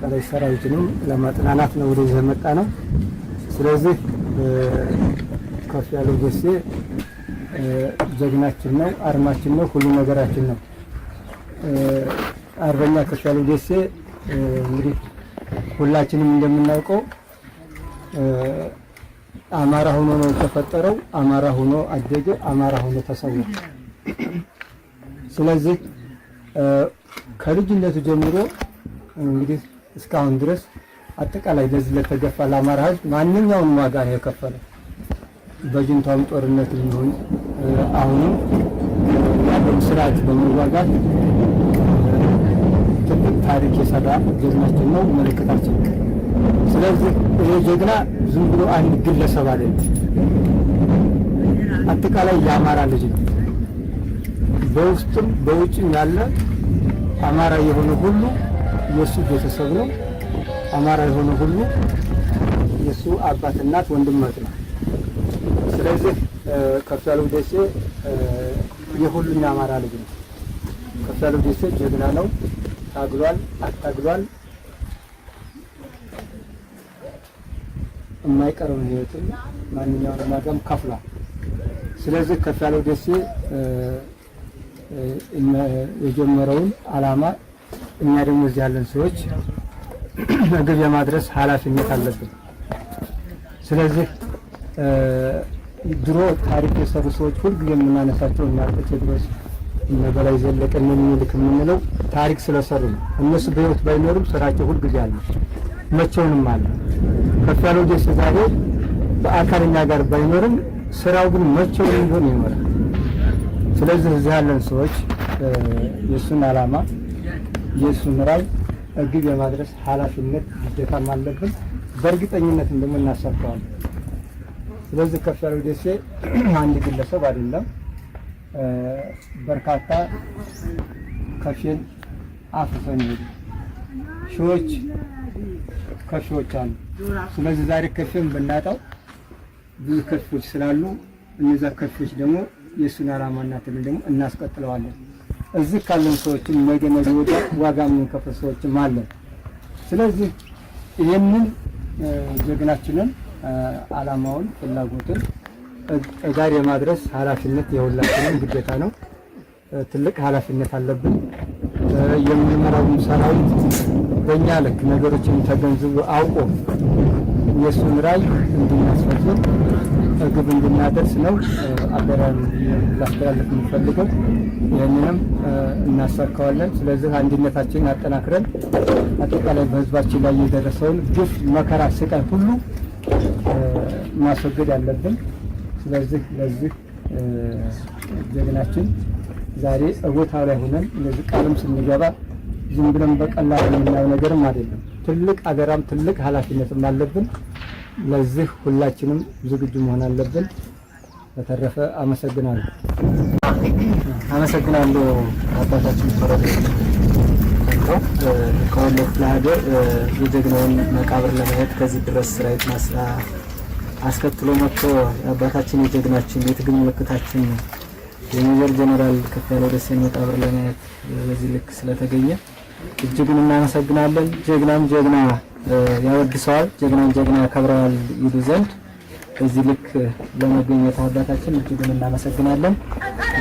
የቀረ ሰራዊትንም ለማጥናናት ነው ወደዚህ የመጣ ነው። ስለዚህ ከፍ ያለው ደሴ ጀግናችን ነው፣ አርማችን ነው፣ ሁሉ ነገራችን ነው። አርበኛ ከፍ ያለው ደሴ እንግዲህ ሁላችንም እንደምናውቀው አማራ ሆኖ ነው የተፈጠረው። አማራ ሆኖ አደገ። አማራ ሆኖ ተሰዋ። ስለዚህ ከልጅነቱ ጀምሮ እንግዲህ እስካሁን ድረስ አጠቃላይ ለዚህ ለተገፋ ለአማራ ሕዝብ ማንኛውንም ዋጋ ነው የከፈለ በጅንታውም ጦርነት የሚሆን አሁንም ያለው ስርዓት በመዋጋት ትልቅ ታሪክ የሰራ ጀግናችን ነው፣ መለከታችን። ስለዚህ ይህ ጀግና ዝም ብሎ አንድ ግለሰብ አይደለም፣ አጠቃላይ የአማራ ልጅ ነው። በውስጥም በውጭም ያለ አማራ የሆነ ሁሉ የእሱ ቤተሰብ ነው። አማራ የሆነ ሁሉ የእሱ አባት፣ እናት፣ ወንድመት ነው። ስለዚህ ከፍያለው ደሴ የሁሉም የአማራ ልጅ ነው። ከፍያለው ደሴ ጀግና ነው። ታግሏል፣ አታግሏል። የማይቀረውን ህይወትን ማንኛውንም ማገም ከፍሏል። ስለዚህ ከፍያለው ደሴ የጀመረውን አላማ እኛ ደግሞ እዚህ ያለን ሰዎች ምግብ የማድረስ ኃላፊነት አለብን። ስለዚህ ድሮ ታሪክ የሰሩ ሰዎች ሁልጊዜ የምናነሳቸው እናቶች ድረስ እነ በላይ ዘለቀ እነ ምኒልክ የምንለው ታሪክ ስለሰሩ ነው። እነሱ በህይወት ባይኖሩም ስራቸው ሁልጊዜ አለ፣ መቼውንም አለ። ከፍ ያለው ደስ ዛሬ በአካል እኛ ጋር ባይኖርም ስራው ግን መቼውንም ቢሆን ይኖራል። ስለዚህ እዚህ ያለን ሰዎች የእሱን አላማ የእሱን ራዕይ ግብ የማድረስ ኃላፊነት ግዴታም አለብን። በእርግጠኝነትም ደግሞ እናሳካዋለን። ስለዚህ ከፍያለው ደሴ አንድ ግለሰብ አይደለም፣ በርካታ ከፊል አፍሰን ይሄዱ ሺዎች ከፊዎች አሉ። ስለዚህ ዛሬ ከፊን ብናጣው ብዙ ከፊዎች ስላሉ እነዛ ከፊዎች ደግሞ የእሱን ዓላማና ደግሞ እናስቀጥለዋለን። እዚህ ካለን ሰዎችም ነገ ነገ ወዲያ ዋጋ የምንከፍል ሰዎችም አለን። ስለዚህ ይህንን ጀግናችንን አላማውን ፍላጎትን ጋር የማድረስ ኃላፊነት የሁላችንም ግዴታ ነው። ትልቅ ኃላፊነት አለብን። የምንመራውን ሰራዊት በእኛ ልክ ነገሮችን ተገንዝቦ አውቆ የእሱን ራዕይ እንድናስፈጽም ግብ እንድናደርስ ነው አደራን ላስተላለፍ የምፈልገው። ይህንንም እናሳካዋለን። ስለዚህ አንድነታችንን አጠናክረን አጠቃላይ በህዝባችን ላይ የደረሰውን ግፍ፣ መከራ፣ ስቃይ ሁሉ ማስወገድ አለብን። ስለዚህ ለዚህ ጀግናችን ዛሬ እቦታ ላይ ሆነን እንደዚህ ቃልም ስንገባ ዝም ብለን በቀላል የምናየው ነገርም አይደለም። ትልቅ አደራም ትልቅ ኃላፊነትም አለብን። ለዚህ ሁላችንም ዝግጁ መሆን አለብን። በተረፈ አመሰግናለሁ። አመሰግናለሁ አባታችን ሶረት ከወሎ ክፍለ ሀገር የጀግናውን መቃብር ለማየት ከዚህ ድረስ ስራዊት ማስራ አስከትሎ መጥቶ አባታችን የጀግናችን የትግል ምልክታችን የሜጀር ጀነራል ከፍያለው ደሴን መቃብር ለማየት በዚህ ልክ ስለተገኘ እጅጉን እናመሰግናለን። ጀግናም ጀግና ያወድሰዋል፣ ጀግናን ጀግና ያከብረዋል ይሉ ዘንድ በዚህ ልክ ለመገኘት አባታችን እጅጉን እናመሰግናለን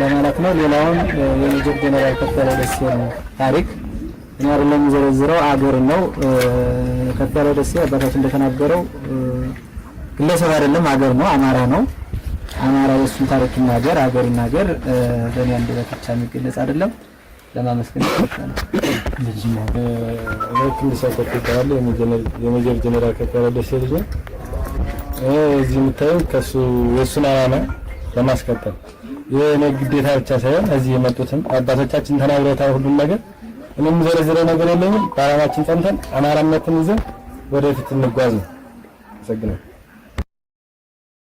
ለማለት ነው። ሌላውን የሜጀር ጀነራል ከተለ ደሴ ታሪክ እኔ አይደለም የሚዘረዝረው አገር ነው። ከበደ ደሴ አባታችን እንደተናገረው ግለሰብ አይደለም አገር ነው፣ አማራ ነው። አማራ የእሱን ታሪክ ይናገር፣ አገር ይናገር። በእኔ አንድ ብቻ የሚገለጽ አይደለም። ለማመስገን የመጀር ልጅ እዚህ የምታየው ከሱ የእሱን አላማ ለማስቀጠል የእኔ ግዴታ ብቻ ሳይሆን እዚህ የመጡትም አባቶቻችን ተናግረውታል። ሁሉም ነገር እኔም ነገር የለኝም። በአላማችን ጸንተን አማራነትን ይዘን ወደፊት እንጓዝ ነው። አመሰግናለሁ።